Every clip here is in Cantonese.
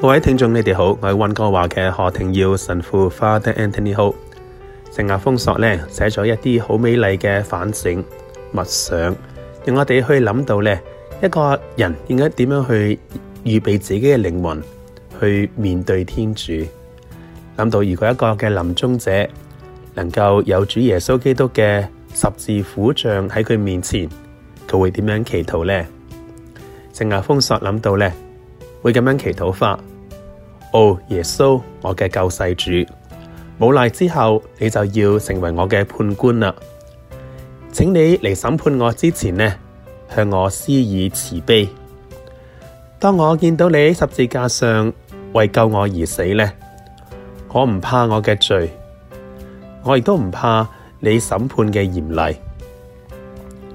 各位聽眾你哋好，我係溫哥華嘅何廷耀神父 Father Anthony Ho。聖亞豐索呢寫咗一啲好美麗嘅反省、默想，令我哋去諗到呢，一個人應該點樣去預備自己嘅靈魂去面對天主。諗到如果一個嘅臨終者能夠有主耶穌基督嘅十字苦像喺佢面前，佢會點樣祈禱呢？聖亞豐索諗到呢，會咁樣祈禱法。哦，oh, 耶穌，我嘅救世主，無賴之後，你就要成為我嘅判官啦。請你嚟審判我之前呢，向我施以慈悲。當我見到你十字架上為救我而死呢，我唔怕我嘅罪，我亦都唔怕你審判嘅嚴厲。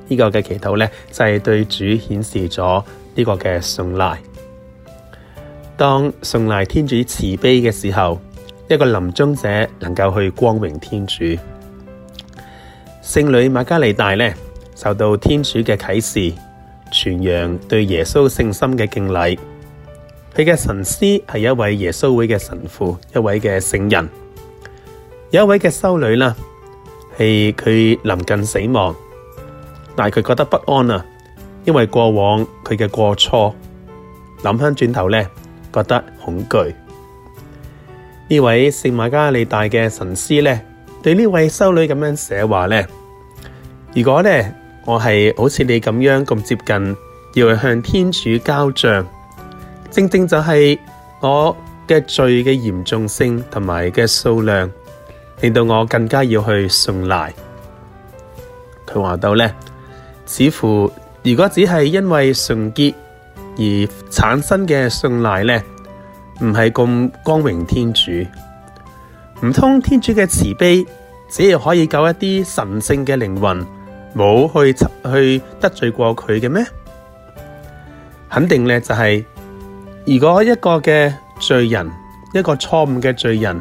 呢、這個嘅祈禱呢，就係對主顯示咗呢個嘅信賴。當送賴天主慈悲嘅時候，一個臨終者能夠去光榮天主。聖女瑪加利大呢，受到天主嘅啟示，傳揚對耶穌聖心嘅敬禮。佢嘅神師係一位耶穌會嘅神父，一位嘅聖人。有一位嘅修女啦，係佢臨近死亡，但係佢覺得不安啊，因為過往佢嘅過錯，諗翻轉頭咧。覺得恐懼，呢位聖瑪加利大嘅神師呢，對呢位修女咁樣寫話呢：「如果呢，我係好似你咁樣咁接近，要向天主交賬，正正就係我嘅罪嘅嚴重性同埋嘅數量，令到我更加要去信賴。」佢話到呢，似乎如果只係因為純潔。而產生嘅信賴咧，唔係咁光榮天主，唔通天主嘅慈悲，只係可以救一啲神聖嘅靈魂，冇去去得罪過佢嘅咩？肯定咧就係、是，如果一個嘅罪人，一個錯誤嘅罪人，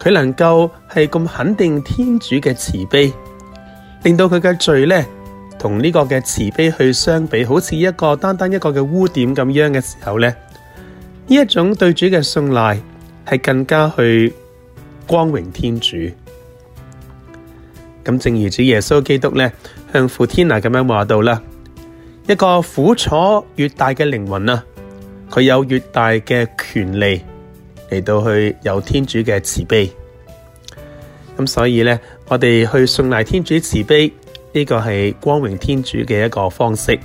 佢能夠係咁肯定天主嘅慈悲，令到佢嘅罪咧，同呢個嘅慈悲去相比，好似一個單單一個嘅污點咁樣嘅時候呢，呢一種對主嘅信賴係更加去光榮天主。咁正如主耶穌基督呢，向傅天娜咁樣話到啦，一個苦楚越大嘅靈魂啊，佢有越大嘅權利嚟到去有天主嘅慈悲。咁所以呢，我哋去信賴天主慈悲。呢個係光榮天主嘅一個方式，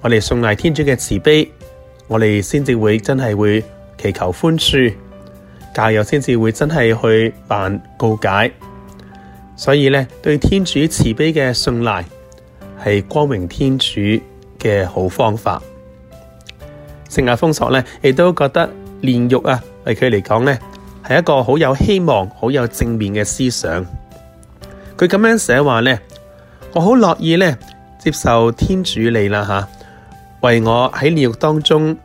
我哋信賴天主嘅慈悲，我哋先至會真係會祈求寬恕，教友先至會真係去辦告解，所以咧，對天主慈悲嘅信賴係光榮天主嘅好方法。聖亞封索咧亦都覺得煉獄啊，對佢嚟講咧係一個好有希望、好有正面嘅思想。佢咁樣寫話咧。我好樂意咧，接受天主你啦，吓、啊、為我喺煉獄當中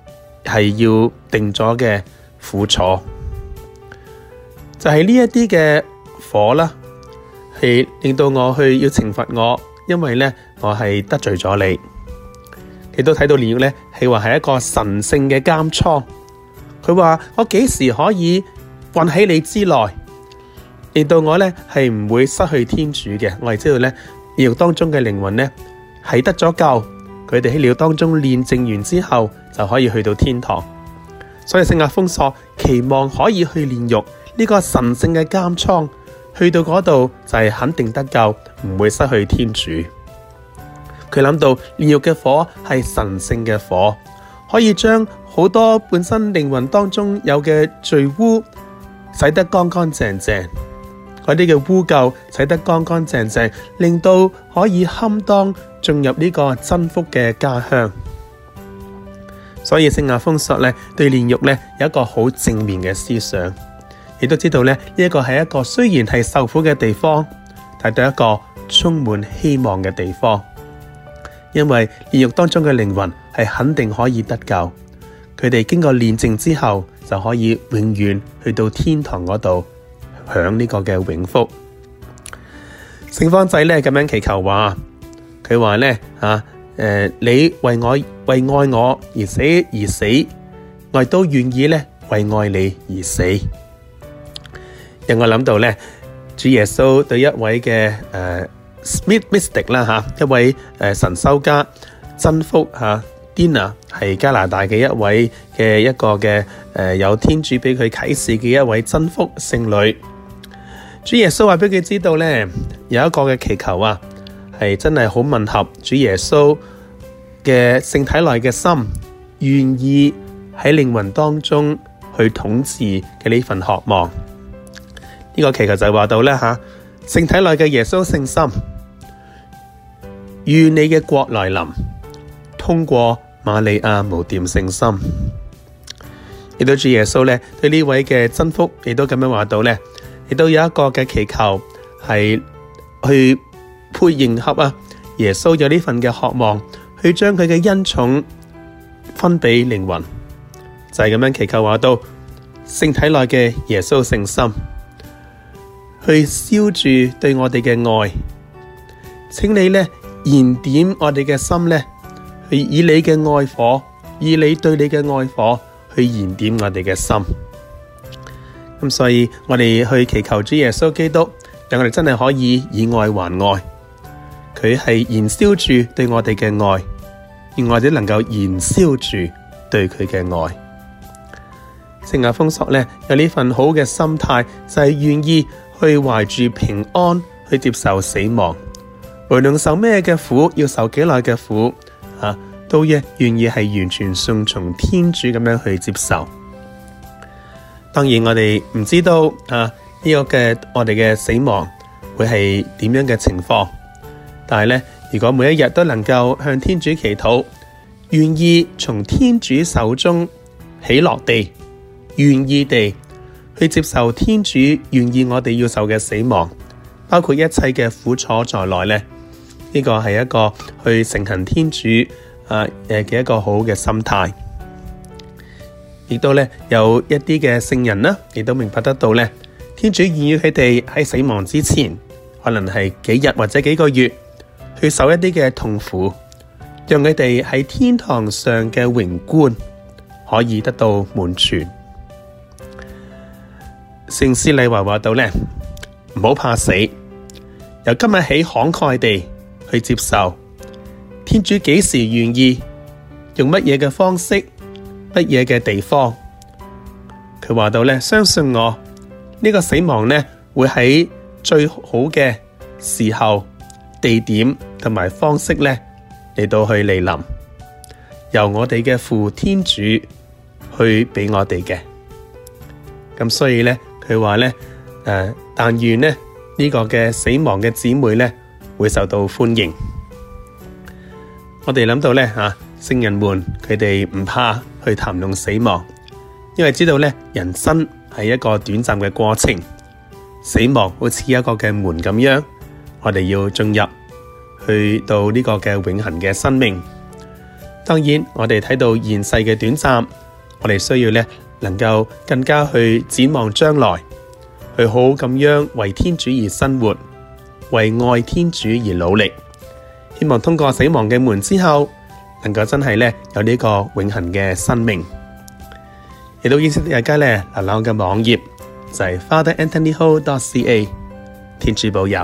係要定咗嘅苦楚，就係呢一啲嘅火啦，係令到我去要懲罰我，因為咧我係得罪咗你。你都睇到煉獄咧係話係一個神聖嘅監倉，佢話我幾時可以混喺你之內，令到我咧係唔會失去天主嘅。我係知道咧。煉獄當中嘅靈魂呢，係得咗救，佢哋喺煉獄當中煉淨完之後，就可以去到天堂。所以聖亞封鎖期望可以去煉獄呢個神聖嘅監倉，去到嗰度就係肯定得救，唔會失去天主。佢諗到煉獄嘅火係神聖嘅火，可以將好多本身靈魂當中有嘅罪污洗得乾乾淨淨。嗰啲嘅污垢洗得乾乾淨淨，令到可以堪當進入呢個真福嘅家鄉。所以聖亞風索咧，對煉獄咧有一個好正面嘅思想。你都知道咧，呢一個係一個雖然係受苦嘅地方，但係一個充滿希望嘅地方。因為煉獄當中嘅靈魂係肯定可以得救，佢哋經過煉淨之後，就可以永遠去到天堂嗰度。享呢個嘅永福，聖方濟咧咁樣祈求話，佢話咧啊，誒，你為我為愛我而死而死，我亦都願意咧為愛你而死。令我諗到咧，主耶穌對一位嘅誒 Smith Mystic 啦吓，一位誒神修家真福吓 Dina 係加拿大嘅一位嘅一個嘅誒有天主俾佢啟示嘅一位真福聖女。主耶穌話畀佢知道咧，有一個嘅祈求啊，係真係好吻合主耶穌嘅聖體內嘅心，願意喺靈魂當中去統治嘅呢份渴望。呢個祈求就係話到咧吓，聖體內嘅耶穌聖心，願你嘅國來臨，通過瑪利亞無玷聖心。亦都主耶穌咧，對呢位嘅真福，亦都咁樣話到咧。亦都有一個嘅祈求係去配迎合啊，耶穌有呢份嘅渴望，去將佢嘅恩寵分俾靈魂，就係咁樣祈求話到聖體內嘅耶穌聖心，去燒住對我哋嘅愛，請你咧燃點我哋嘅心咧，去以你嘅愛火，以你對你嘅愛火去燃點我哋嘅心。咁所以，我哋去祈求主耶穌基督，讓我哋真係可以以愛還愛。佢係燃燒住對我哋嘅愛，亦或者能夠燃燒住對佢嘅愛。聖亞封索呢，有呢份好嘅心態，就係、是、願意去懷住平安去接受死亡，無論受咩嘅苦，要受幾耐嘅苦，都願意係完全順從天主咁樣去接受。當然我哋唔知道啊呢、這個嘅我哋嘅死亡會係點樣嘅情況，但係咧如果每一日都能夠向天主祈禱，願意從天主手中起落地，願意地去接受天主願意我哋要受嘅死亡，包括一切嘅苦楚在內咧，呢、這個係一個去承行天主啊誒嘅一個好嘅心態。亦都咧有一啲嘅聖人啦、啊，亦都明白得到咧，天主願意佢哋喺死亡之前，可能係幾日或者幾個月去受一啲嘅痛苦，讓佢哋喺天堂上嘅榮冠可以得到滿全。聖師利華話到咧，唔好怕死，由今日起慷慨地去接受，天主幾時願意用乜嘢嘅方式。乜嘢嘅地方？佢話到咧，相信我呢、這個死亡咧，會喺最好嘅時候、地點同埋方式咧嚟到去嚟臨，由我哋嘅父天主去俾我哋嘅。咁所以咧，佢話咧，誒、呃，但願咧呢、這個嘅死亡嘅姊妹咧會受到歡迎。我哋諗到咧。聖人們佢哋唔怕去談論死亡，因為知道咧，人生係一個短暫嘅過程，死亡好似一個嘅門咁樣，我哋要進入去到呢個嘅永恆嘅生命。當然，我哋睇到現世嘅短暫，我哋需要咧能夠更加去展望將來，去好咁樣為天主而生活，為愛天主而努力。希望通過死亡嘅門之後。能夠真係有呢個個永恆嘅生命，亦都認識大家呢，瀏覽我嘅網頁就係 Father Anthony Ho .ca 天主保佑。